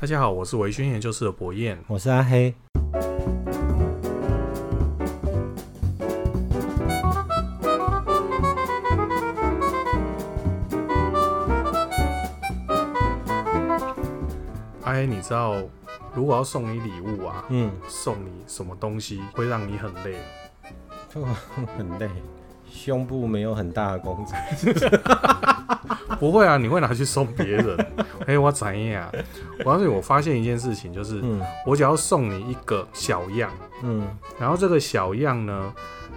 大家好，我是維宣研究室的博彥，我是阿黑。阿、啊、黑，你知道如果要送你禮物啊，嗯，送你什麼東西會讓你很累？ 很累，胸部沒有很大的工功。 不會啊，你會拿去送別人。哎、 欸，我產業啊，我我發現一件事情，就是、嗯，我只要送你一個小樣、嗯，然後這個小樣呢，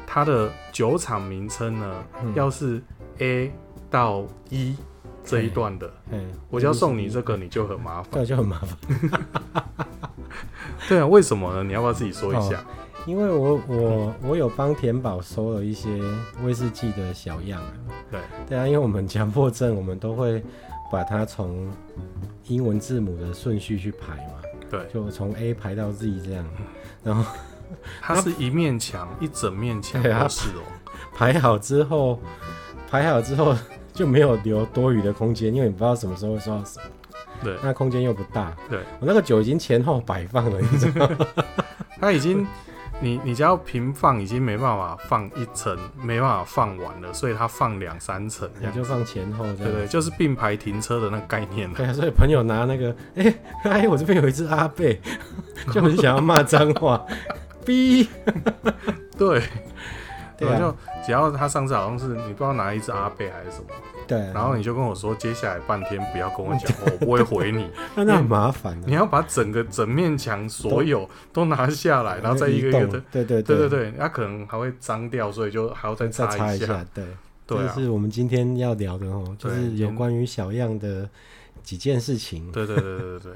它的酒廠名稱呢、嗯，要是 A 到 E 這一段的，欸欸、我只要送你這個，你就很麻煩， 就很麻煩。 對啊，為什麼呢？你要不要自己說一下？哦因為我我、嗯、我有幫田寶收了一些威士忌的小樣，對對啊，因為我們強迫症，我們都會把它從英文字母的順序去排嘛，對，就從 A 排到 Z 這樣，然後它是一面牆、嗯，一整面牆、喔，對啊是哦，排好之後排好之後就沒有留多餘的空間，因為你不知道什麼時候收到什麼，對，那空間又不大，對我那個酒已經前後擺放了，你知道，它 已經。你你只要平放已經沒辦法放一層，沒辦法放完了，所以它放兩三層，也就放前後，對不對，對？就是並排停車的那個概念嘛、啊。對、啊，所以朋友拿那個，哎、欸、嗨、欸，我這邊有一隻阿貝， 就很想要罵髒話， 逼， 對，我、啊、就只要他上次好像是你不知道拿一隻阿貝還是什麼。對、啊，然後你就跟我說，接下來半天不要跟我講話、嗯，我不會回你。那那很麻煩的，你要把整個整面牆 所有都拿下來，嗯、然後再一個一個的。對對對對對、對、對、對、對、啊，可能還會髒掉，所以就還要再再擦一下。對對、啊，就、這個、是我們今天要聊的哦，就是有關於小樣的幾件事情。對對對對對對，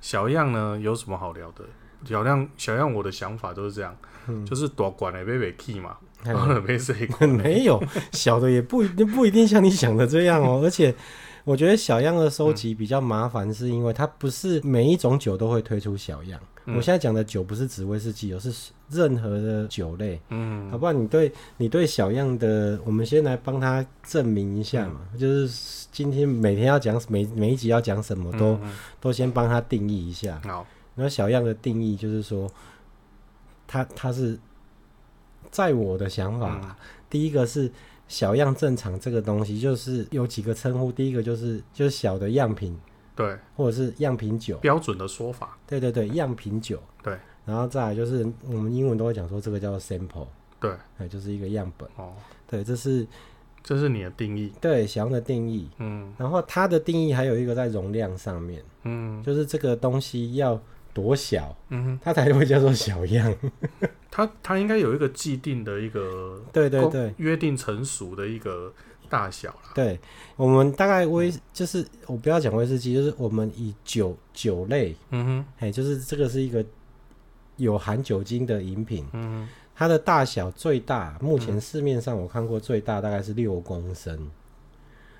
小樣呢有什麼好聊的？小樣小樣，我的想法都是這樣，就是大罐的被被替嘛。沒沒有，沒了 沒有小的也不一定，不一定像你想的這樣哦、喔。 而且我覺得小樣的收集比較麻煩，是因為它不是每一種酒都會推出小樣。嗯、我現在講的酒不是指威士忌，而是任何的酒類。嗯，好不好？你對你對小樣的，我們先來幫他證明一下嘛、嗯。就是今天每天要講每每一集要講什麼都、嗯，都都先幫他定義一下。好，那小樣的定義就是說，它它是。在我的想法啊，嗯啊，第一個是小樣正常這個東西，就是有幾個稱呼。第一個就是就是小的樣品，對，或者是樣品酒，標準的說法，對對對，樣品酒，對。然後再來就是我們英文都會講說這個叫做 sample，對，對，就是一個樣本哦，對，這是這是你的定義，對，小樣的定義，嗯，然後它的定義還有一個在容量上面，嗯，嗯，就是這個東西要多小，嗯，它才會叫做小樣。 它它應該有一個既定的一個對對對，約定成熟的一個大小啦對，我們大概威、嗯、就是我不要講威士忌，就是我們以酒酒類，嗯哼，哎，就是這個是一個有含酒精的飲品，嗯，它的大小最大，目前市面上我看過最大大概是六公升、嗯，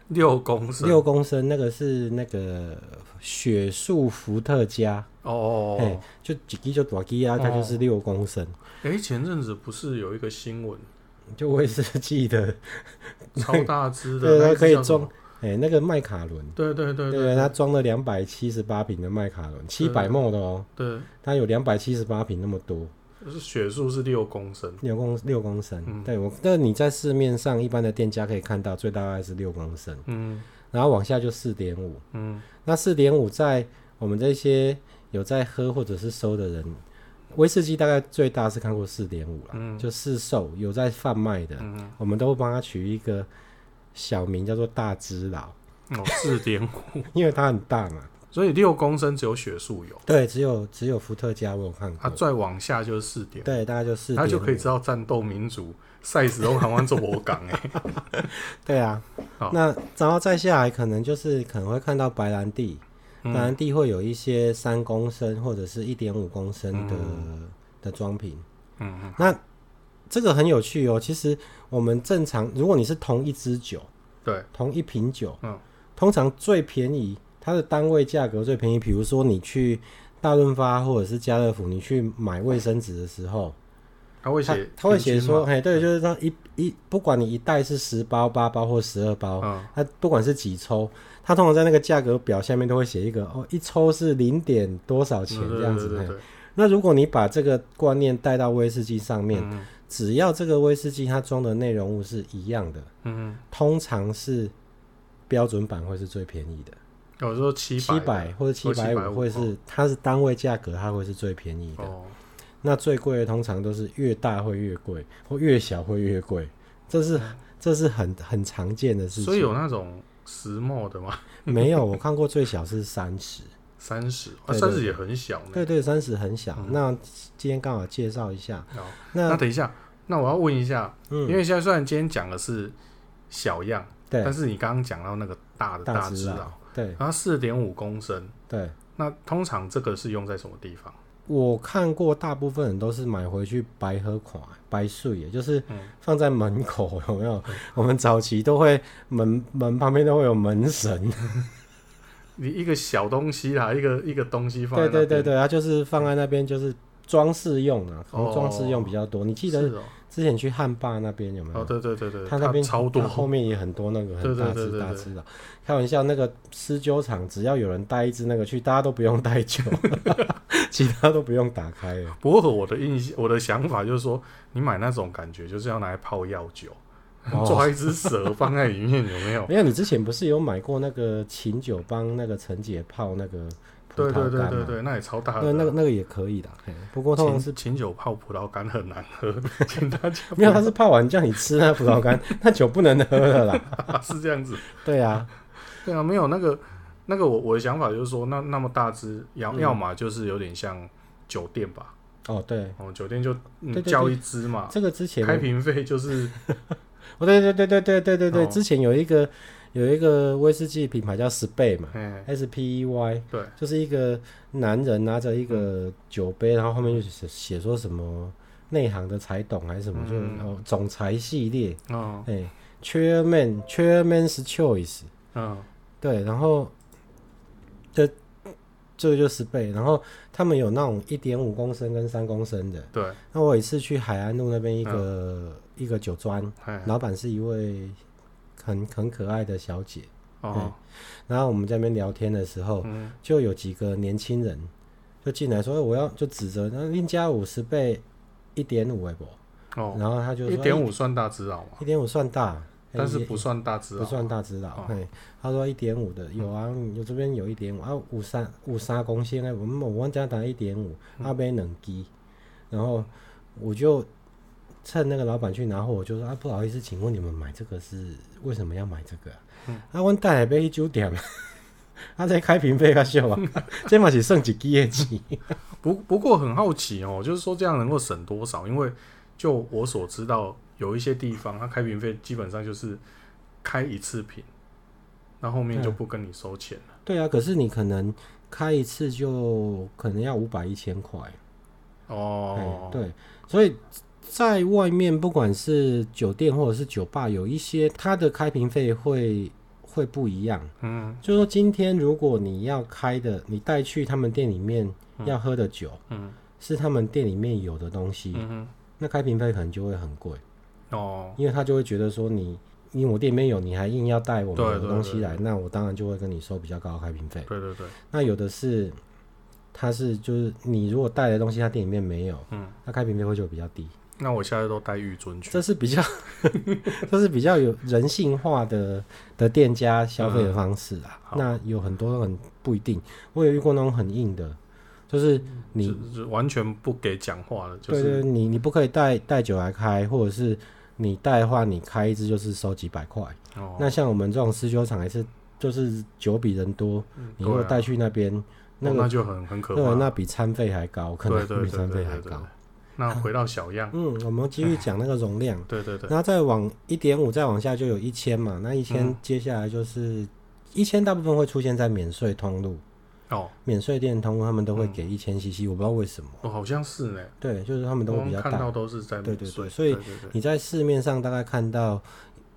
六公升，六公升，那個是那個。雪樹伏特加哦，哎、oh, 欸，就一支就大支啊，oh. 它就是六公升。哎、欸，前陣子不是有一個新聞，就威士忌的超大只， 對，它可以裝哎，那個麥、欸那個、卡倫，對對對，它對它裝了兩百七十八瓶的麥卡倫，七百 ml 的哦，對，它有兩百七十八瓶那麼多。就是雪樹是六公升，六公六公升，嗯、對我，那你在市面上一般的店家可以看到，最大還是六公升，嗯。然後往下就四點五，嗯，那四點五在我們這些有在喝或者是收的人，威士忌大概最大是看過四點五啦，嗯，就市售有在販賣的，嗯，我們都會幫他取一個小名叫做大只佬，哦，四點五， 因為它很大嘛，所以六公升只有雪樹有，對，只有只有伏特加我有看過，它、啊、再往下就是四點，對，大概就四點，它就可以知道戰鬥民族、嗯。size 都好像做不一樣哎！對啊，哦、那然後再下來可能就是可能會看到白蘭地，白蘭地會有一些三公升或者是一點五公升的的裝瓶，嗯嗯，嗯，嗯，那這個很有趣哦。其實我們正常，如果你是同一支酒，對、嗯，同一瓶酒，嗯，通常最便宜它的單位價格最便宜。比如說你去大潤發或者是家樂福，你去買衛生紙的時候，他會寫，他會寫說，嘿，對，嗯、就是說，一一，不管你一袋是十包、八包或十二包，嗯、它不管是幾抽，它通常在那個價格表下面都會寫一個，哦，一抽是零點多少錢這樣子。嗯、對對對對嘿，那如果你把這個觀念帶到威士忌上面，嗯、只要這個威士忌它裝的內容物是一樣的，嗯,嗯，通常是標準版會是最便宜的，有時候七七百或者七百五會是，或會是哦、它是單位價格，它會是最便宜的。哦哦那最貴的通常都是越大會越貴，或越小會越貴，這是這是很很常見的事情。所以有那種 10ml 的嗎？ 沒有，我看過最小是三十，三十啊，三十也很小。對對，對，三十很小，嗯。那今天剛好介紹一下那。那等一下，那我要問一下，嗯，因為現在雖然今天講的是小樣，對，嗯，但是你剛剛講到那個大的大只啊，對，然後四點五公升，對，那通常這個是用在什麼地方？我看過，大部分人都是買回去白喝款，白碎，也就是放在門口，嗯，有沒有？我們早期都會門門旁邊都會有門神，你一個小東西啦，一個一個東西放在。對對對對，它就是放在那邊，就是裝飾用啊，可能裝飾用比較多。哦、你記得？之前去漢壩那邊有沒有？哦，對對對對，他那邊超多，後面也很多那個很大隻大隻的對對對對對。開玩笑，那個施酒廠只要有人帶一隻那個去，大家都不用帶酒， 其他都不用打開。不過我的印象，我的想法就是說，你買那種感覺就是要拿來泡藥酒，抓一隻蛇放在裡面、哦、有沒有？ 沒有，你之前不是有買過那個琴酒幫那個陳姐泡那個？對對對對對，啊、那也超大的、啊對。那那個那個也可以的，不過通是琴酒泡葡萄乾很難喝。 請大家， 沒有他是泡完叫你吃那個，葡萄乾 那酒不能喝了啦， 是這樣子。對啊，對啊，沒有那個那個我我的想法就是說，那那麼大只要、嗯、要麼就是有點像酒店吧。哦對，哦酒店就叫、嗯、一只嘛。這個之前開瓶費就是。 哦對，對對對對對對對對，哦、之前有一個。有一個威士忌品牌叫 Spey 嘛嘿嘿，S P E Y，對，就是一個男人拿着一個酒杯、嗯，然後後面就寫寫、嗯、說什麼內行的才懂還是什麼、就是，就、嗯、總裁系列、哦欸，Chairman Chairman's Choice，嗯、哦，對，然後這這個就 Spey，然後他們有那種一點五公升跟三公升的，對，那我有一次去海安路那邊一個、嗯、一個酒莊，老闆是一位。很很可愛的小姐哦，然後我們在那邊聊天的時候，就有幾個年輕人就進來說：“嗯欸、我要就指著那另加五十倍一點五微博哦。”然後他就說一點五算大指導嗎？一點五算大，但是不算大指導、啊欸欸，不算大指導、哦。他說的：“一點五的有啊，我、嗯、這邊有一點五啊，五三五三公線呢、嗯，我們我們家打一點五二邊能機。嗯”然後我就趁那個老闆去拿貨，我就說：“啊，不好意思，請問你們買這個是？”嗯為什麼要買這個、啊？他問帶下杯去酒店，嗯、啊，這個、開瓶費較少啊， 這嘛是省一筆錢不。不不過很好奇哦，就是說這樣能夠省多少？因為就我所知道，有一些地方，它、啊、開瓶費基本上就是開一次瓶，那後面就不跟你收錢了。對啊，可是你可能開一次就可能要五百一千塊。哦對，對，所以，嗯在外面，不管是酒店或者是酒吧，有一些它的開瓶費會會不一樣。嗯，就是說今天如果你要開的，你帶去他們店裡面要喝的酒，嗯，是他們店裡面有的東西，嗯，那開瓶費可能就會很貴。哦，因為他就會覺得說你因為我店裡面有，你還硬要帶我們的東西來，對對對對，那我當然就會跟你收比較高的開瓶費。對對對，那有的是，他是就是你如果帶的東西他店裡面沒有，嗯，那開瓶費會就會比較低。那我現在都帶玉尊去，這是比較， 這是比較有人性化的的店家消費的方式啊、嗯。那有很多都很不一定，我有遇過那種很硬的，就是你、嗯、就就完全不給講話的，就是對對對，你你不可以帶帶酒來開，或者是你帶的話，你開一支就是收幾百塊。哦，哦，那像我們這種私酒廠也是，就是酒比人多，嗯啊、你如果帶去那邊，那個，那就很很可怕，那，個，那比餐費還高，可能比餐費還高。那回到小樣，啊、嗯，我們繼續講那個容量，對對對，那再往一點五，再往下就有一千嘛，那一千接下來就是一千、嗯，一千大部分會出現在免稅通路哦，免稅店通，他們都會給一千 CC，我不知道為什麼，哦，好像是呢。對，就是他們都會比較大，看到都是在對對對，所以你在市面上大概看到。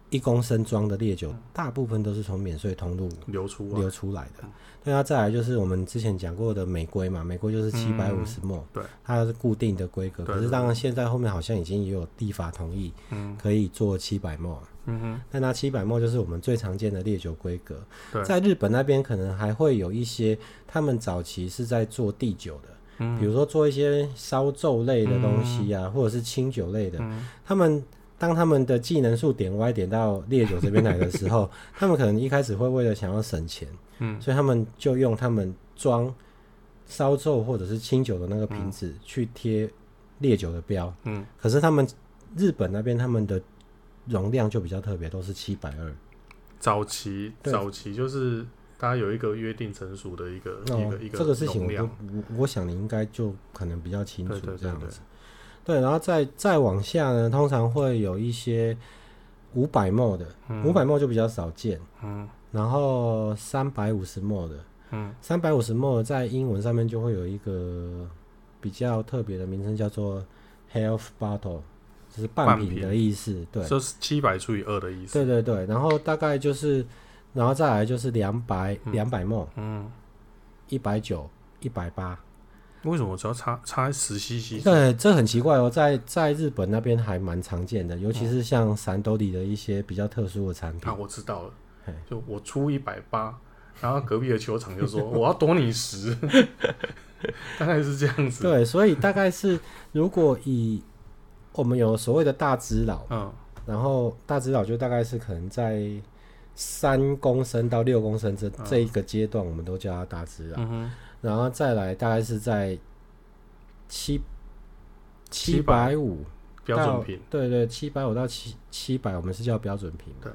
一公升裝的烈酒，大部分都是從免稅通路流出流出來的。那再來就是我們之前講過的美規嘛，美規就是七百五十 ml，對，它是固定的規格、嗯。可是當然現在後面好像已經有立法同意，嗯、可以做七百 ml。嗯哼。那七百 ml 就是我們最常見的烈酒規格、嗯。在日本那邊可能還會有一些，他們早期是在做地酒的，嗯，比如說做一些燒酎類的東西啊、嗯，或者是清酒類的，嗯、他們。當他們的技能數點歪點到烈酒這邊來的時候， 他們可能一開始會為了想要省錢，嗯，所以他們就用他們裝燒酒或者是清酒的那個瓶子去貼烈酒的標，嗯。可是他們日本那邊他們的容量就比較特別，都是七百二。早期對，早期就是大家有一個約定成熟的一個、哦、一個一個這個事情我，我我,我想你應該就可能比較清楚這樣子。對對對對對，然後再再往下呢，通常會有一些五百畝的，五百畝就比較少見。嗯，然後三百五十墨的，嗯，三百五十墨在英文上面就會有一個比較特別的名稱，叫做 half bottle，就是半瓶的意思。對，就是七百除以二的意思。對對對，然後大概就是，然後再來就是兩百兩百畝，嗯，一百九，一百八。為什麼我只要差差十 CC？對，這很奇怪哦，在在日本那邊還蠻常見的，尤其是像 Suntory 的一些比較特殊的產品啊、哦，我知道了，就我出一百八，然後隔壁的球場就說 我要躲你十， 大概是這樣子。對，所以大概是如果以我們有所謂的大只佬，嗯，然後大只佬就大概是可能在三公升到六公升這、嗯、這一個階段，我們都叫他大只佬。嗯然後再來，大概是在七七百五標準瓶，對對，七百五到七七百，我們是叫標準瓶。對，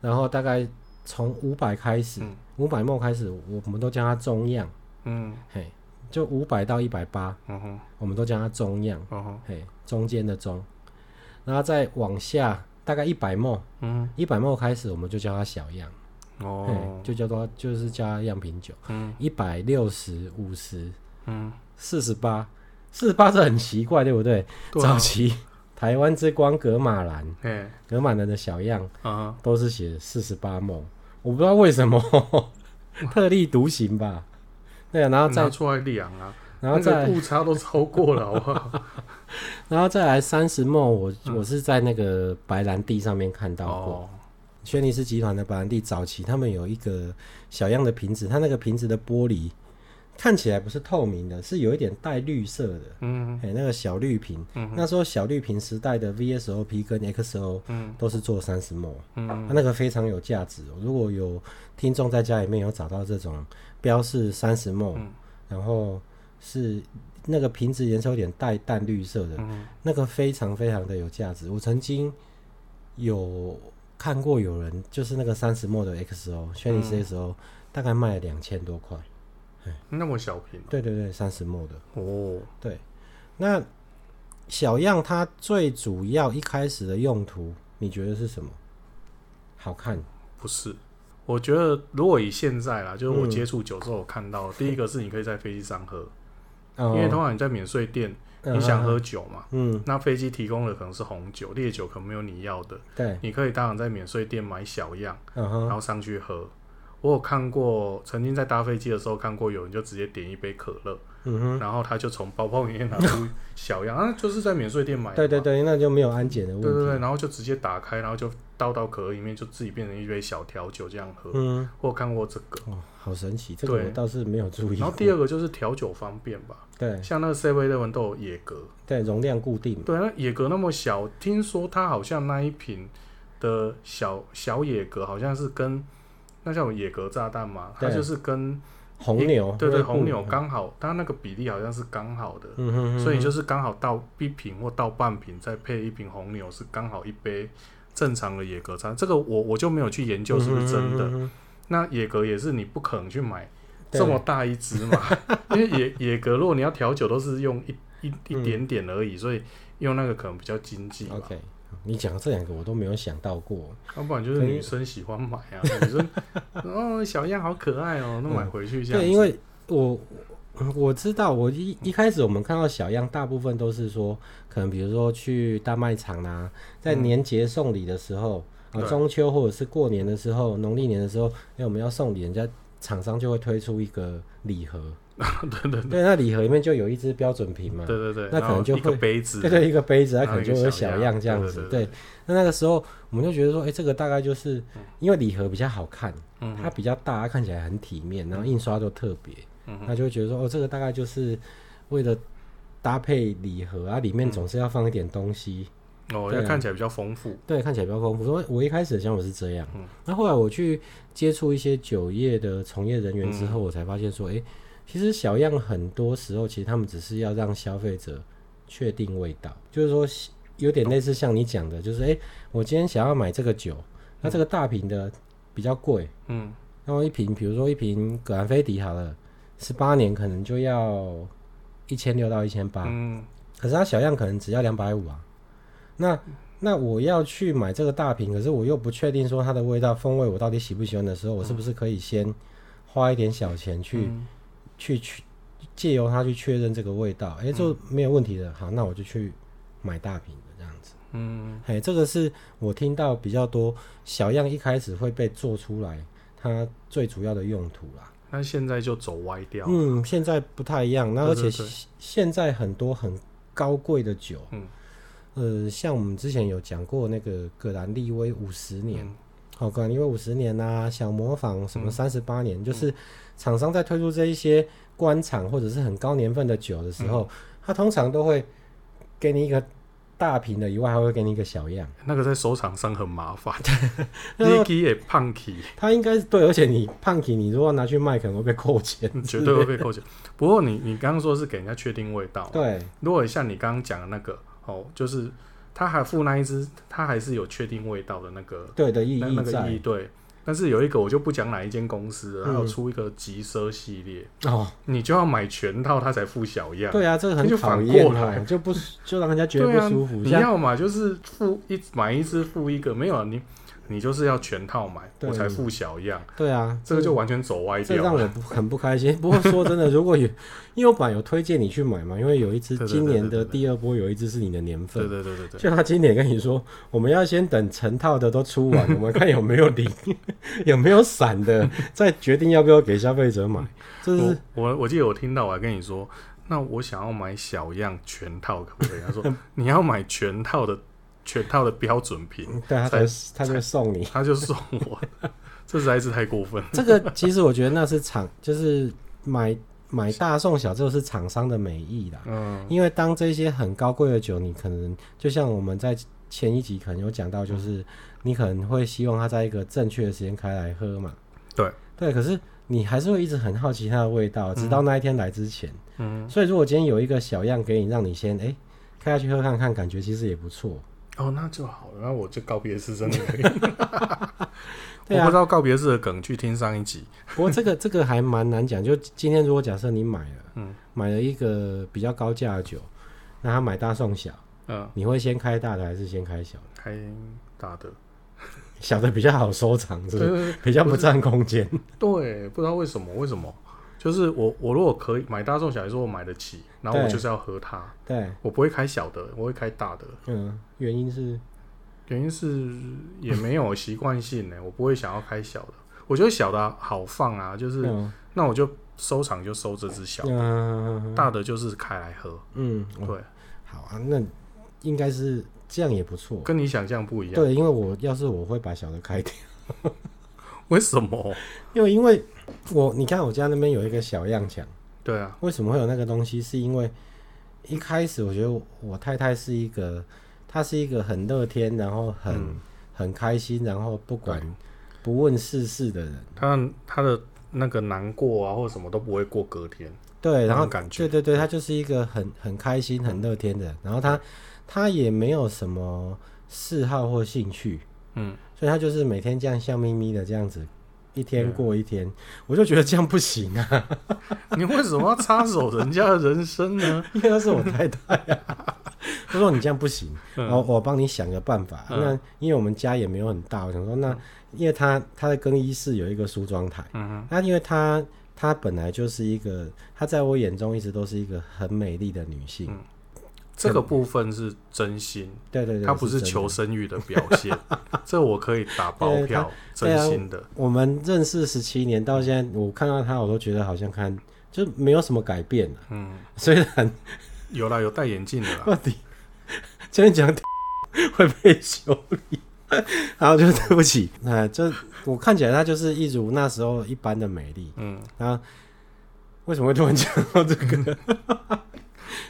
然後大概從五百開始，五百末開始，我們都叫它中樣。嗯，嘿，就五百到一百八，嗯哼，我們都叫它中樣。嗯哼，嘿，中間的中，然後再往下，大概一百末，嗯，一百末開始，我們就叫它小樣。哦、oh. 就叫做就是加樣品酒，嗯，一百六十五十，嗯，四十八，四十八是很奇怪，對不對？對啊、早期台灣之光格馬蘭，oh. hey. 格馬蘭的小樣啊，uh -huh. 都是寫四十八夢。我不知道為什麼 特立獨行吧？對啊，然後再出來量啊，然後再誤差都超過了好好， 然後再來三十夢，我、嗯、我是在那個白蘭地上面看到過。Oh. 軒尼詩集團的白蘭地早期，他們有一個小樣的瓶子，它那個瓶子的玻璃看起來不是透明的，是有一點帶綠色的。嗯，哎、欸，那個小綠瓶、嗯，那時候小綠瓶時代的 VSOP 跟 XO 都是做 30ml。嗯，它、啊、那個非常有價值。如果有聽眾在家裡面有找到這種標示 30ml，然後是那個瓶子顏色有點帶淡綠色的、嗯，那個非常非常的有價值。我曾經有。看過有人就是那個三十末的 XO 軒尼詩 XO，、嗯、大概賣了兩千多塊，哎，那麼小瓶、啊，對對對，三十末的哦，對，那小樣它最主要一開始的用途，你覺得是什麼？好看？不是，我覺得如果以現在啦，就是我接觸久之後我看到、嗯，第一個是你可以在飛機上喝、哦，因為通常你在免稅店。你想喝酒嘛？嗯、uh -huh.，那飛機提供的可能是紅酒、嗯、烈酒，可能沒有你要的。對，你可以當場在免稅店買小樣，uh -huh. 然後上去喝。我有看過，曾經在搭飛機的時候看過，有人就直接點一杯可樂，uh -huh. 然後他就從包包裡面拿出小樣， 啊，就是在免稅店買的。對對對，那就沒有安檢的問題。對對對，然後就直接打開，然後就倒到可樂裡面，就自己變成一杯小調酒這樣喝。嗯、uh -huh.，我有看過這個，哦好神奇，這個我倒是沒有注意。然後第二個就是調酒方便吧。對，像那個7-11都有野格，對，容量固定。對，那野格那麼小，聽說它好像那一瓶的小小野格，好像是跟那叫野格炸彈嘛，它就是跟紅牛，對對，對，對，紅牛剛好，好，它那個比例好像是剛好的，嗯哼，嗯哼，所以就是剛好倒一瓶或倒半瓶，再配一瓶紅牛是剛好一杯正常的野格炸彈。這個我我就沒有去研究是不是真的。嗯哼，嗯哼，那野格也是你不可能去買這麼大一隻嘛， 因為野野格洛你要調酒都是用一一、嗯、一點點而已，所以用那個可能比較經濟吧。OK，你講這兩個我都沒有想到過，要、啊、不然就是女生喜歡買啊，女生 哦小樣好可愛哦，那買回去一下、嗯。對，因為我我知道，我一一開始我們看到小樣，大部分都是說，可能比如說去大賣場啊，在年節送禮的時候、嗯、啊，中秋或者是過年的時候，農曆年的時候，因、欸、為我們要送禮人家。廠商就會推出一個禮盒， 對，對，對，對，對，那禮盒裡面就有一支標準瓶嘛， 對對對，那可能就會杯子、啊，對對一個杯子、啊，它可能就有小樣這樣子，對，對，對，對，對。那那個時候我們就覺得說，哎、欸，這個大概就是，因為禮盒比較好看、嗯，它比較大，看起來很體面，然後印刷都特別，那、嗯、就會覺得說，哦，這個大概就是為了搭配禮盒啊，裡面總是要放一點東西。哦、oh, 啊，要看起來比較豐富。對，看起來比較豐富。所以我一開始的想法是這樣，嗯，那後來我去接觸一些酒業的從業人員之後，我才發現說，哎、嗯欸，其實小樣很多時候其實他們只是要讓消費者確定味道，就是說有點類似像你講的、嗯，就是哎、欸，我今天想要買這個酒，那、嗯、這個大瓶的比較貴，嗯，然後一瓶，比如說一瓶格蘭菲迪好了，十八年可能就要一千六到一千八，嗯，可是它小樣可能只要兩百五啊。那那我要去買這個大瓶，可是我又不確定說它的味道風味我到底喜不喜歡的時候，我是不是可以先花一點小錢去、嗯、去去借由它去確認這個味道？誒、欸，就沒有問題的，好，那我就去買大瓶的這樣子。嗯，嘿，這個是我聽到比較多小樣一開始會被做出來，它最主要的用途啦。那現在就走歪掉。嗯，現在不太一樣。那而且現在很多很高貴的酒。嗯呃，像我們之前有講過那個格蘭利威五十年，好、嗯，哦、格蘭利威五十年吶、啊，想模仿什麼三十八年、嗯，就是廠商在推出這一些官廠或者是很高年份的酒的時候、嗯，他通常都會給你一個大瓶的，以外還會給你一個小樣。那個在收藏上很麻煩，Nike 也胖 key，他應該是對，而且你胖 key，你如果拿去賣，可能會被扣錢，絕對會被扣錢。 不過你你剛剛說是給人家確定味道、啊，對。如果像你剛剛講的那個。哦、oh,，就是他還付那一支，他還是有確定味道的那個，對的意義那，那個意義對。但是有一個，我就不講哪一間公司了、嗯，然後出一個極奢系列哦，你就要買全套，他才付小樣。對啊，這個很就反過來，啊、就不就讓人家覺得不舒服。啊、你要嘛就是付一買一支付一個，沒有、啊、你。你就是要全套買，我才付小樣。對啊，這個就完全走歪這樣，這讓我很不開心。不過說真的， 如果有，因為我本來有推薦你去買嘛，因為有一支今年的第二波有一支是你的年份。對對對對對，對，對，對。就他今年跟你說，我們要先等成套的都出完，對對對對我們看有沒有零， 有沒有散的，再決定要不要給消費者買。就 是我，我，我記得我聽到，我還跟你說，那我想要買小樣全套可不可以？他說 你要買全套的。全套的標準瓶，對，他在他就送你，他就送我。 這實在是太過分。這個其實我覺得那是廠，就是買買大送小，就是廠商的美意啦。嗯，因為當這些很高貴的酒，你可能就像我們在前一集可能有講到，就是、嗯、你可能會希望它在一個正確的時間開來喝嘛。對對，可是你還是會一直很好奇它的味道，直到那一天來之前。嗯，所以如果今天有一個小樣給你，讓你先誒、欸、開下去喝看看，感覺其實也不錯。哦，那就好了，那我就告別式真的。我不知道告別式的梗，去聽上一集。 不過這個這個還蠻難講。就今天，如果假設你買了，嗯，買了一個比較高價的酒，那他買大送小，嗯，你會先開大的還是先開小的？開大的， 小的比較好收藏，是不是？對對對，比較不占空間。對，不知道為什麼，為什麼？就是我，我如果可以買大中小，也說我買得起，然後我就是要喝它。對，我不會開小的，我會開大的。嗯，原因是，原因是也沒有習慣性呢、欸， 我不會想要開小的，我覺得小的好放啊，就是、嗯、那我就收藏就收這支小的，的、嗯嗯。大的就是開來喝。嗯，對，好啊，那應該是這樣也不錯，跟你想象不一樣。對，因為我要是我會把小的開掉。 為什麼？因為因為我你看我家那邊有一個小樣牆。對啊，為什麼會有那個東西？是因為一開始我覺得我太太是一個，她是一個很樂天，然後很、嗯、很開心，然後不管不問世事的人。她她的那個難過啊，或者什麼都不會過隔天。對，然後感覺對對對，她就是一個很很開心、很樂天的人。然後她她也沒有什麼嗜好或興趣。嗯。所以她就是每天這樣笑眯眯的這樣子，一天過一天、嗯，我就覺得這樣不行啊！你為什麼要插手人家的人生呢？ 因為他是我太太呀。他 說你這樣不行，嗯、然後我我幫你想個辦法、嗯。那因為我們家也沒有很大，我想說那，因為她她的更衣室有一個梳妝台，嗯哼，那因為她她本來就是一個，她在我眼中一直都是一個很美麗的女性。嗯這個部分是真心，嗯、對對，他不是求生欲的表現， 這我可以打包票，真心的，啊。我們認識十七年到現在，我看到他，我都覺得好像看就沒有什麼改變。嗯，雖然有啦，有戴眼鏡的了啦。這邊講 XX, 會被修理，然後就是對不起，哎， 啊，這我看起來他就是一如那時候一般的美麗。嗯，那為什麼會突然講到這個呢？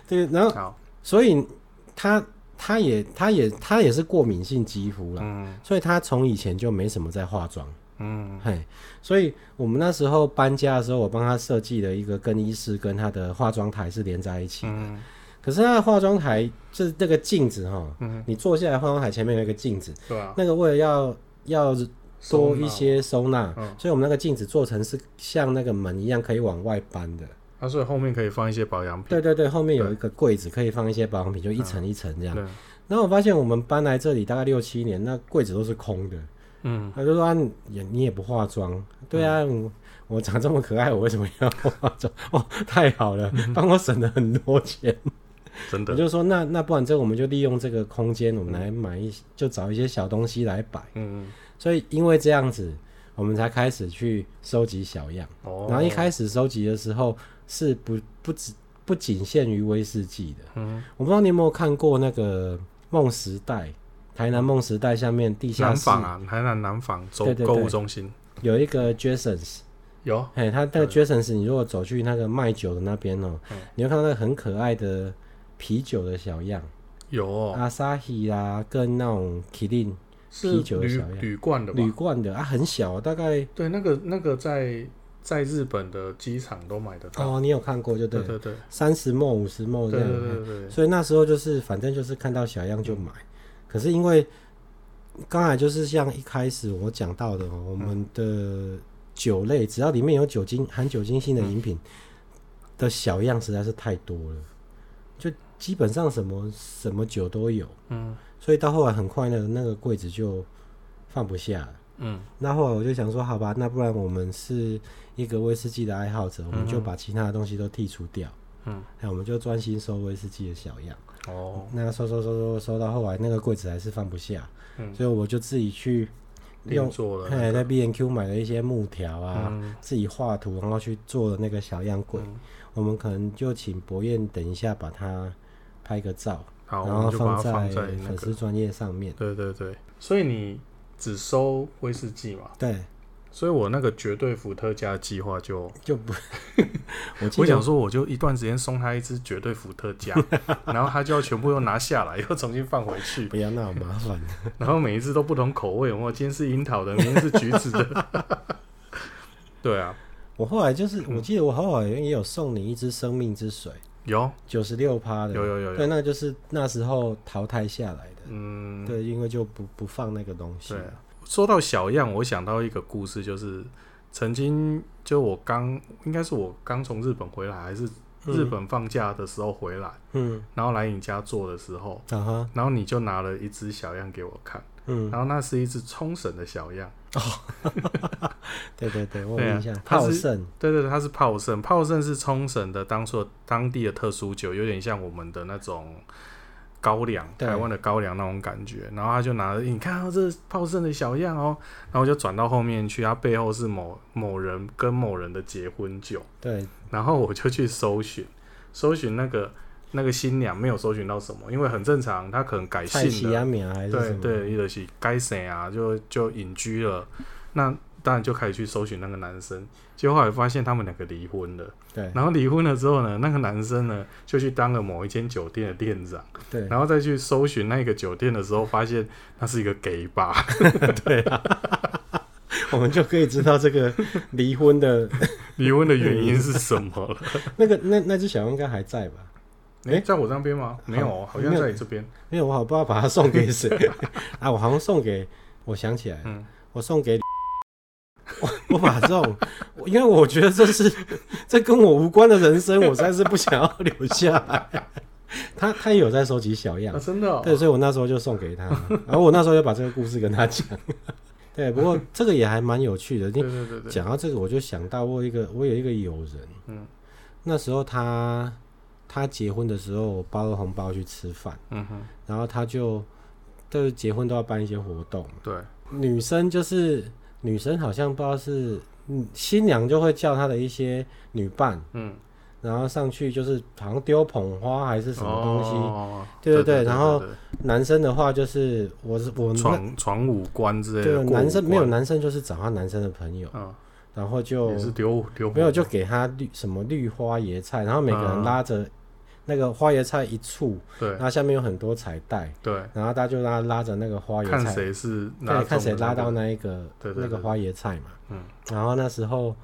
對，然後。所以他他也他也他也是過敏性肌膚啦、嗯，所以他從以前就沒什麼在化妝。嗯，嘿，所以我們那時候搬家的時候，我幫他設計了一個更衣室，跟他的化妝台是連在一起的。嗯、可是，他的、就是那個化妝台這那個鏡子哈、嗯，你坐下來化妝台前面有一個鏡子、嗯，那個為了要要多一些收納、嗯，所以我們那個鏡子做成是像那個門一樣可以往外搬的。它、啊、是後面可以放一些保養品。對對對，後面有一個櫃子，可以放一些保養品，就一層一層這樣、啊對。然後我發現我們搬來這裡大概六七年，那櫃子都是空的。嗯，他就說也你也不化妝，對啊，我、嗯、我長這麼可愛，我為什麼要化妝、嗯？哦，太好了，幫、嗯、我省了很多錢，真的。我就說那那不然這我們就利用這個空間，我們來買一、嗯、就找一些小東西來擺。嗯嗯。所以因為這樣子，我們才開始去收集小樣。哦，哦。然後一開始收集的時候。是不不止不僅限於威士忌的。嗯，我不知道你有沒有看過那個夢時代，台南夢時代下面地下室南紡、啊、台南南台南南紡走購物中心有一個 Jason's 有，嘿他它的 Jason's 你如果走去那個賣酒的那邊哦，你會看到那個很可愛的啤酒的小樣，有，哦，Asahi 啦，跟那種 Kirin 啤酒的小樣，鋁鋁罐，罐的，鋁罐的啊，很小，大概對，那個那個在。在日本的機場都買得到哦，你有看過就對對,對對，30ml，50ml 這樣，對對對,對所以那時候就是反正就是看到小樣就買，嗯、可是因為剛才就是像一開始我講到的我們的酒類、嗯、只要裡面有酒精含酒精性的飲品、嗯、的小樣實在是太多了，就基本上什麼什麼酒都有，嗯，所以到後來很快呢，那個櫃子就放不下了。嗯，那後來我就想說，好吧，那不然我們是一個威士忌的愛好者，嗯、我們就把其他的東西都剔除掉。嗯，那、啊、我們就專心收威士忌的小樣。哦，那收收收收收，收到後來那個櫃子還是放不下、嗯，所以我就自己去用，後來、那個哎、在 B&Q 買了一些木條啊、嗯，自己畫圖，然後去做的那個小樣櫃、嗯。我們可能就請博彥等一下把它拍個照，然後放在粉絲專頁上面。那個、對，對對對，所以你。只收威士忌嘛？對，所以我那個絕對伏特加計劃就就不 我，我想說我就一段時間送他一支絕對伏特加， 然後他就要全部又拿下來， 又重新放回去，不要那麼麻煩。 然後每一支都不同口味有有，我今天是櫻桃的，明天是橘子的。 對啊，我後來就是、嗯、我記得我後來也有送你一支生命之水，有九十六趴的，有,有有有，對，那就是那時候淘汰下來的。嗯，對，因為就不不放那個東西。對、啊，說到小樣，我想到一個故事，就是曾經就我剛應該是我剛從日本回來，還是日本放假的時候回來，嗯，然後來你家做的時候，嗯、然後你就拿了一隻小樣給我看，嗯，然後那是一隻沖繩的小樣，嗯、小樣哦 對對對對、啊，對對對，我有印象，泡盛，對對，它是泡盛，泡盛是沖繩的當做當，當地的特殊酒，有點像我們的那種。高粱，台灣的高粱那種感覺，然後他就拿着、欸，你看哦、喔，這是泡剩的小樣哦、喔，然後我就轉到後面去，他背後是某某人跟某人的結婚酒。對，然後我就去搜尋，搜尋那個那個新娘，沒有搜尋到什麼，因為很正常，他可能改姓了。對對，或者是改姓啊，就就隱居了，那。當然就開始去搜尋那個男生，結果後來發現他們兩個離婚了。對，然後離婚了之後呢，那個男生呢就去當了某一間酒店的店長。對，然後再去搜尋那個酒店的時候，發現那是一個 gay 吧。 對啊， 我們就可以知道這個離婚的離 婚的原因是什麼了、 那個。那個那那只小樣應該還在吧？哎、欸，在我這邊嗎、啊？沒有、哦，好像在你這邊。沒有，我好不知道把它送給誰 啊！我好像送給……我想起來嗯，我送給。我 我把這種，因為我覺得這是這跟我無關的人生，我實在是不想要留下來。他他有在收集小樣，真的。對，所以我那時候就送給他，然後我那時候又把這個故事跟他講。對，不過這個也還蠻有趣的。你講到這個，我就想到我一個我有一個友人，嗯，那時候他他結婚的時候我包了紅包去吃飯，嗯哼，然後他就都結婚都要辦一些活動，對，女生就是。女生好像不知道是，新娘就會叫她的一些女伴，嗯，然後上去就是好像丟捧花還是什麼東西，哦、對，對，對，對，對對對。然後男生的話就是我我闖闖五關之類的，對，男生沒有男生就是找他男生的朋友，啊、然後就也是丟丟沒有就給他綠什麼綠花椰菜，然後每個人拉着。啊那個花椰菜一簇，對，然後下面有很多彩帶，對，然後大家就拉拉着那個花椰菜，看誰是、那個、看看誰拉到那一個，對對對對，那個花椰菜嘛，嗯，然後那時候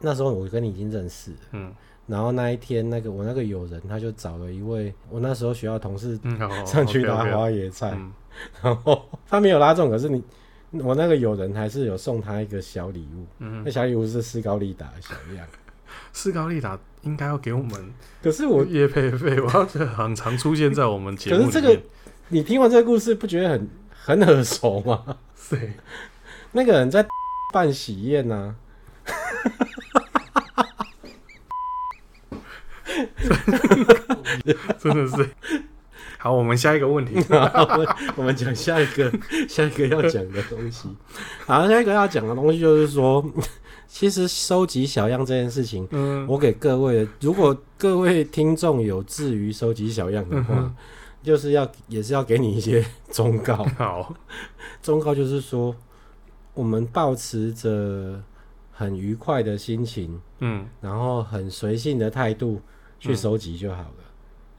那時候我跟你已經認識了，嗯，然後那一天那個我那個友人他就找了一位、嗯、我那時候學校的同事、嗯、 上去拿花椰菜、嗯，然後他沒有拉中，可是你我那個友人還是有送他一個小禮物，嗯、那小禮物是斯高利達的小樣。嗯斯高利達應該要給我們，可是我業配費，我就很常出現在我們節目裡。可是這個，你聽完這個故事不覺得很很耳熟嗎？是？那個人在、XX、辦喜宴呢、啊？ yeah. 真的是。好，我們下一個問題， 我們講下一個下一個要講的東西。好，下一個要講的東西就是說，其實收集小樣這件事情、嗯，我給各位，如果各位聽眾有志於收集小樣的話，嗯、就是要也是要給你一些忠告。忠告就是說，我們抱持著很愉快的心情，嗯，然後很隨性的態度去收集就好了。嗯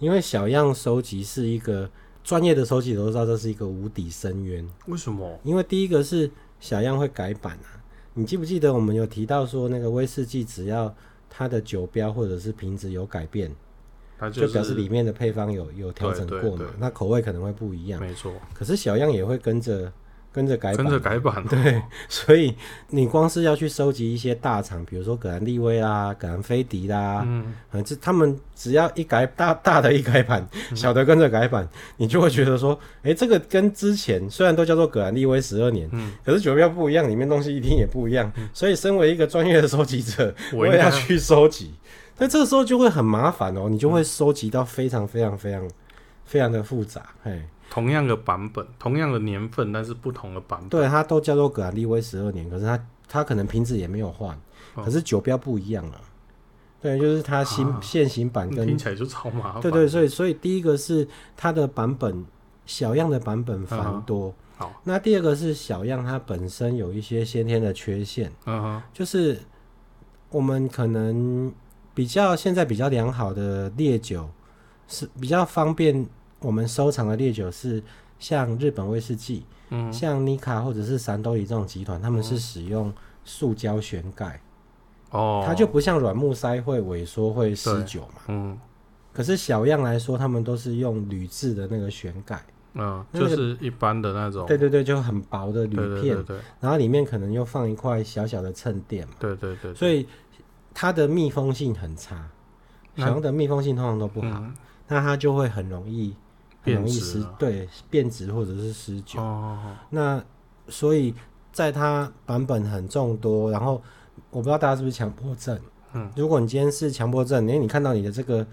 因為小樣收集是一個專業的收集，都知道這是一個無底深淵。為什麼？因為第一個是小樣會改版啊，你記不記得我們有提到說那個威士忌，只要它的酒標或者是瓶子有改變，它、就是、就表示裡面的配方有有調整過嘛，那口味可能會不一樣。沒錯，可是小樣也會跟着。跟着改版，跟着改版、哦。對，所以你光是要去收集一些大廠，比如說格蘭利威啦、格蘭菲迪啦，嗯，這他們只要一改大大的一改版，小的跟着改版、嗯，你就會覺得說，哎、欸，這個跟之前雖然都叫做格蘭利威十二年，嗯，可是酒標不一樣，裡面東西一定也不一樣。嗯、所以，身為一個專業的收集者，我也要 去收集。那這個時候就會很麻煩哦，你就會收集到非常非常非常非常的複雜，嘿同樣的版本，同樣的年份，但是不同的版本，對，它都叫做格蘭利威十二年，可是它它可能瓶子也沒有換、哦，可是酒標不一樣了、啊哦。對，就是它新、啊、現行版跟聽起來就超麻煩。對，對對，所以所以第一個是它的版本，小樣的版本繁多、啊。好，那第二個是小樣它本身有一些先天的缺陷。嗯、啊、哼，就是我們可能比較現在比較良好的烈酒是比較方便。我們收藏的烈酒是像日本威士忌，嗯，像尼卡或者是三得利這種集團，他們是使用塑膠旋蓋，哦，它就不像軟木塞會萎縮會失酒嘛，嗯，可是小樣來說，他們都是用鋁制的那個旋蓋、嗯，那個，就是一般的那種，對對對，就很薄的鋁片對對對對，然後裡面可能又放一塊小小的襯墊嘛，對，對對對，所以它的密封性很差，小樣的密封性通常都不好，嗯、那它就會很容易。容易失對變質或者是失酒。哦哦哦，那所以在它版本很眾多，然後我不知道大家是不是強迫症，嗯，如果你今天是強迫症，你看到你的這個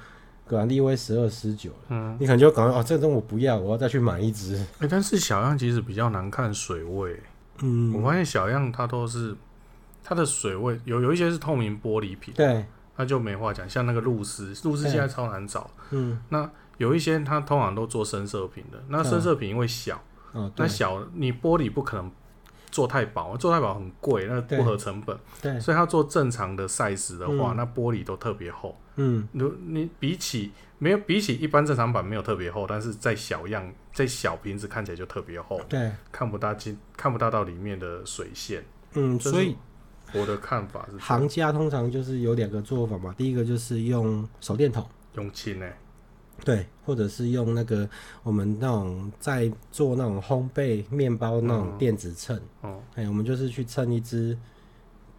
格蘭利威十二失酒，嗯，你可能就感覺哦，這個東西我不要，我要再去買一支。哎、欸，但是小樣其實比較難看水位，欸，嗯，我發現小樣它都是它的水位有有一些是透明玻璃瓶，對，它就沒話講，像那個露絲，露絲現在超難找，嗯、欸，那。嗯有一些他通常都做深色瓶的，那深色瓶因為小、嗯，那小你玻璃不可能做太薄，嗯、做，太薄做太薄很貴，那不合成本對，對，所以他做正常的 size 的話，嗯、那玻璃都特別厚，嗯，如你比起沒有比起一般正常版沒有特別厚，但是在小樣在小瓶子看起來就特別厚，對，看不大清看不大到裡面的水線，嗯，所、就、以、是、我的看法是、這個，行家通常就是有兩個做法嘛，第一個就是用手電筒，用錢呢、欸。對，或者是用那個我們那種在做那種烘焙麵包那種電子秤，哦、嗯，哎、嗯嗯欸，我們就是去稱一隻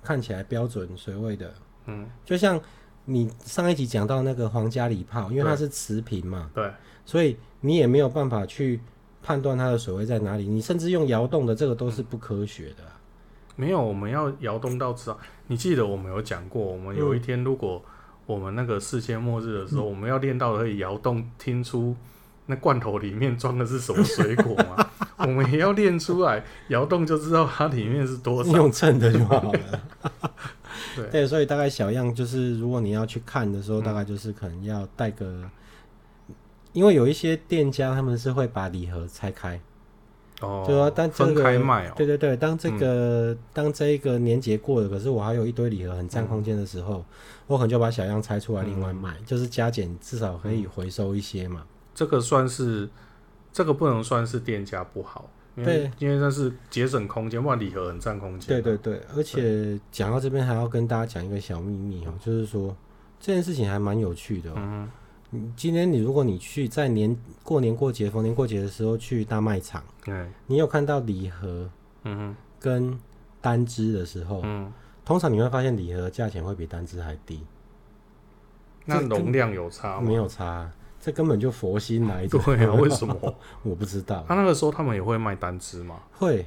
看起來標準水位的，嗯，就像你上一集講到那個皇家禮炮，因為它是瓷瓶嘛對，對，所以你也沒有辦法去判斷它的水位在哪裡，你甚至用搖動的這個都是不科學的、啊，沒有，我們要搖動到道你記得我們有講過，我們有一天如果。嗯我們那個世界末日的時候，嗯、我們要練到可以搖動聽出那罐頭裡面裝的是什麼水果嗎？ 我們也要練出來搖 動就知道它裡面是多少，用秤，的就好了 對。對，所以大概小樣就是，如果你要去看的時候，大概就是可能要帶個、嗯，因為有一些店家他們是會把禮盒拆開。哦、啊，就是說，當這個分開賣。喔，對對對，當這個，嗯、當這一個年節過了，可是我還有一堆禮盒很占空間的時候，嗯、我可能就把小樣拆出來另外賣。嗯，就是加減至少可以回收一些嘛。這個算是，這個不能算是店家不好，對，因為算是節省空間，不然禮盒很佔空間。啊。對對對，而且講到這邊還要跟大家講一個小祕密哦。喔，就是說，這件事情還蠻有趣的。喔。嗯今天你如果你去在年過年過節、逢年過節的時候去大賣場，欸、你有看到禮盒，嗯，跟單支的時候，嗯，通常你會發現禮盒價錢會比單支還低、嗯。那容量有差嗎？沒有差，這根本就佛心來對啊，為什麼？ 我不知道。他、啊、那個時候他們也會賣單支嗎？會。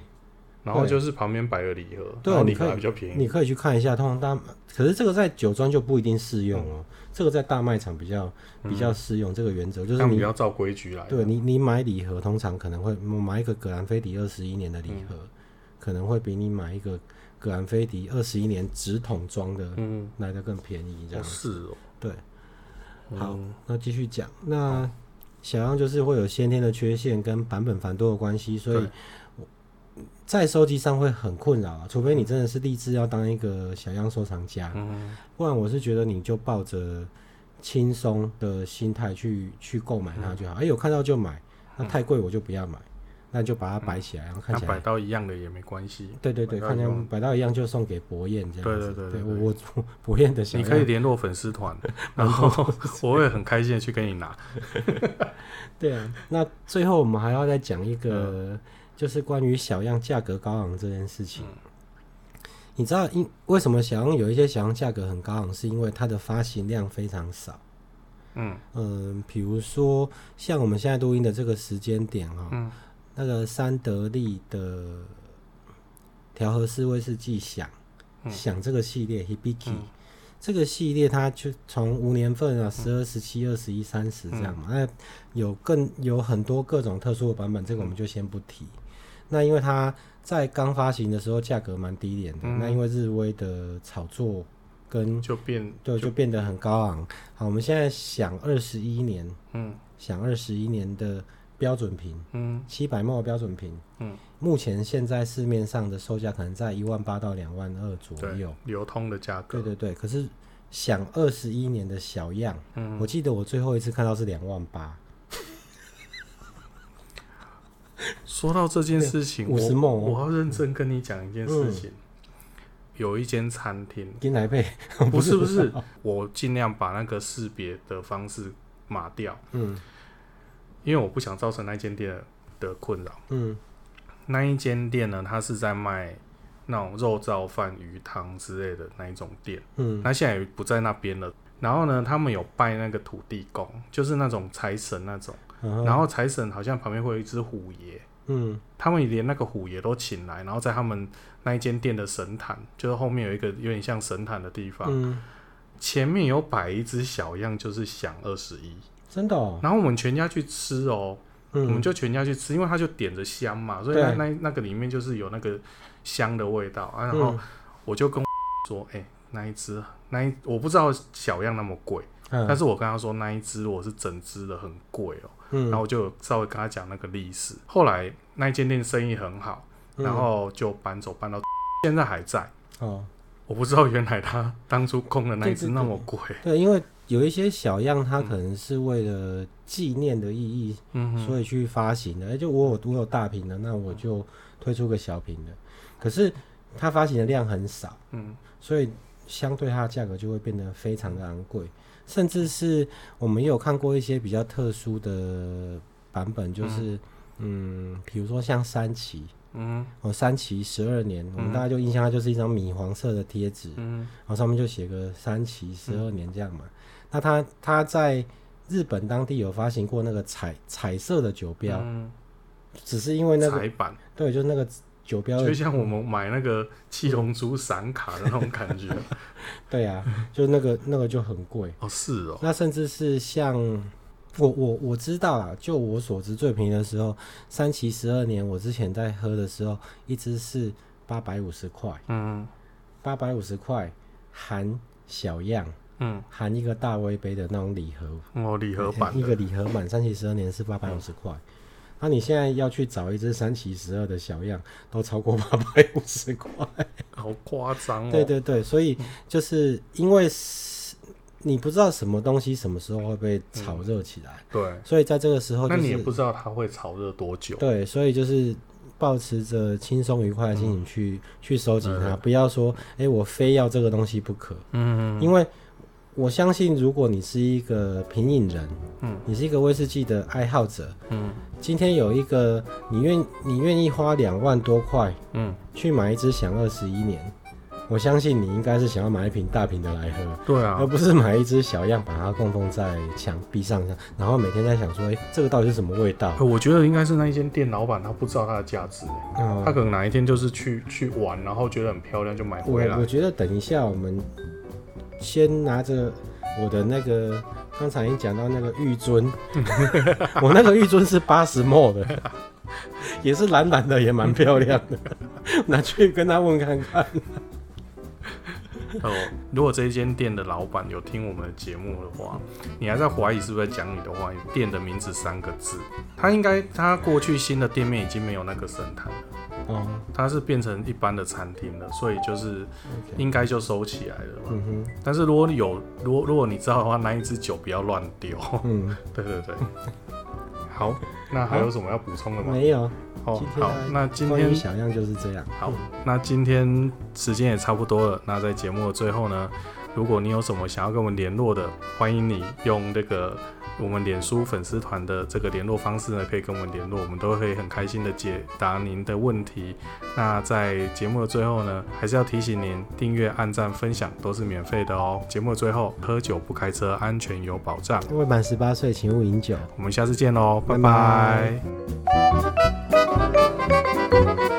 然後就是旁邊擺個禮盒，禮盒，對，你可以比較便宜，你可以去看一下。通常大，可是這個在酒莊就不一定適用哦、嗯。這個在大賣場比較比較適用。這個原則就是你比較照規矩來的。對你，你買禮盒通常可能會買一個格蘭菲迪二十一年的禮盒、嗯，可能會比你買一個格蘭菲迪二十一年直筒裝的，嗯，來得更便宜。這樣是哦、嗯，對。好，嗯、那繼續講。那小樣就是會有先天的缺陷跟版本繁多的關係，所以。在收集上會很困擾啊，除非你真的是立志要當一個小樣收藏家、嗯，不然我是覺得你就抱着輕鬆的心態去去購買它就好，哎、嗯、有、欸、看到就買，那太貴我就不要買，那就把它擺起來、嗯，然後看起來擺、嗯、到一樣的也沒關係。對對對，看見擺到一樣就送給博彥這樣子。對對對，對，對，對，我博彥的你可以聯絡粉絲團， 然後我會很開心的去跟你拿。 對啊，那最後我們還要再講一個。嗯就是關於小樣價格高昂這件事情，你知道因為什麼小樣有一些小樣價格很高昂，是因為它的發行量非常少。嗯嗯，比如說像我們現在錄音的這個時間點哈、喔，那個三得利的調和式威士忌響響這個系列 Hibiki 這個系列，它就從無年份啊，十二、十七、二十一、三十這樣嘛，那有更有很多各種特殊的版本，這個我們就先不提。那因為它在剛發行的時候價格蠻低廉的，嗯，那因為日威的炒作跟就變對就，就變得很高昂。好，我們現在想二十一年，嗯，想二十一年的標準瓶，嗯，七百毫升的標準瓶，嗯，目前現在市面上的售價可能在一萬八到兩萬二左右，流通的價格。對對對，可是想二十一年的小樣，嗯，我記得我最後一次看到是兩萬八。說到這件事情，我我要認真跟你講一件事情。嗯、有一間餐廳，金配，不是不，是不是，我盡量把那個識別的方式抹掉。嗯。因為我不想造成那間店的困擾。嗯。那一間店呢，它是在賣那種肉燥飯、魚湯之類的那一種店。嗯。那現在不在那邊了。然後呢，他們有拜那個土地公，就是那種財神那種。嗯、然後財神好像旁邊會有一隻虎爺。嗯，他們連那個虎爺都請來，然後在他們那一間店的神壇，就是後面有一個有點像神壇的地方，嗯、前面有擺一隻小樣，就是響二十一，真的，喔。然後我們全家去吃哦，喔嗯，我們就全家去吃，因為他就點着香嘛，所以那個、那個裡面就是有那個香的味道啊。然後我就跟我說，哎，欸，那一隻那一我不知道小樣那麼貴，嗯，但是我跟他說那一隻我是整隻的很貴，喔，很貴哦。嗯、然後我就稍微跟他講那個歷史。後來那一間店生意很好，然後就搬走搬到 X,、嗯、現在還在。哦，我不知道原來他當初空的那一只那麼貴。對，因為有一些小樣，它可能是為了紀念的意義，嗯，所以去發行的、嗯。就我有都有大瓶的，那我就推出個小瓶的。可是它發行的量很少，嗯，所以相對它的價格就會變得非常的昂貴。甚至是我們也有看過一些比較特殊的版本，就是嗯，嗯，比如說像三期嗯，哦，三期十二年，嗯，我們大家就印象它就是一張米黃色的貼紙，嗯，然後上面就寫個三期十二年這樣嘛。嗯、那它它在日本當地有發行過那個彩彩色的酒標，嗯，只是因為那個彩版，對，就是那個。酒標就像我們買那個七龍珠散卡的那種感覺， 對呀、啊，就那個 那個就很貴哦，是哦。那甚至是像我我我知道啦，就我所知最便宜的時候，嗯、三七十二年我之前在喝的時候，一支是八百五十塊，嗯，八百五十塊含小樣，嗯，含一個大 V 杯的那種禮盒，哦，禮盒版，一個禮盒版， 三七十二年是八百五十塊。嗯那、啊、你現在要去找一隻三七十二的小樣，都超過八百五十塊， 好誇張哦！對對對，所以就是因為、嗯、你不知道什麼東西什麼時候會被炒熱起來、嗯，對，所以在這個時候、就是，你也不知道它會炒熱多久，對，所以就是抱持着輕鬆愉快的心情去、嗯、去收集它，不要說哎、欸，我非要這個東西不可，嗯，嗯，嗯，因為。我相信，如果你是一個品飲人，嗯，你是一個威士忌的愛好者，嗯，今天有一個你願你願意花兩萬多塊，嗯，去買一支響二十一年、嗯，我相信你應該是想要買一瓶大瓶的來喝，對啊，而不是買一支小樣把它供奉在牆壁上，然後每天在想說，誒、欸，這個到底是什麼味道？我覺得應該是那一間店老板他不知道它的價值、欸嗯，他可能哪一天就是去去玩，然後覺得很漂亮就買回來。我覺得等一下我們。先拿着我的那個，剛才已經講到那個玉尊， 我那個玉尊是八十末的， 也是藍藍的，也蠻漂亮的， 拿去跟他問看看。哦， 如果這間店的老板有聽我們的節目的話，你還在懷疑是不是在講你的話？店的名字三個字，他應該他過去新的店面已經沒有那個神壇了。哦，它是變成一般的餐廳了，所以就是應該就收起來了吧。Okay. 嗯，但是如果你有，如果如果你知道的話，那一支酒不要亂丟。嗯、 對對對。好，那還有什麼要補充的嗎？沒有。哦、好、啊，那今天小樣就是這樣。好，那今天時間也差不多了。那在節目的最後呢，如果你有什麼想要跟我們聯絡的，歡迎你用這個。我們臉書粉絲團的這個聯絡方式呢，可以跟我們聯絡，我們都會很開心的解答您的問題。那在節目的最後呢，還是要提醒您，訂閱、按讚、分享都是免費的哦。節目的最後，喝酒不開車，安全有保障。未滿十八歲，請勿飲酒。我們下次見嘍，拜拜。拜拜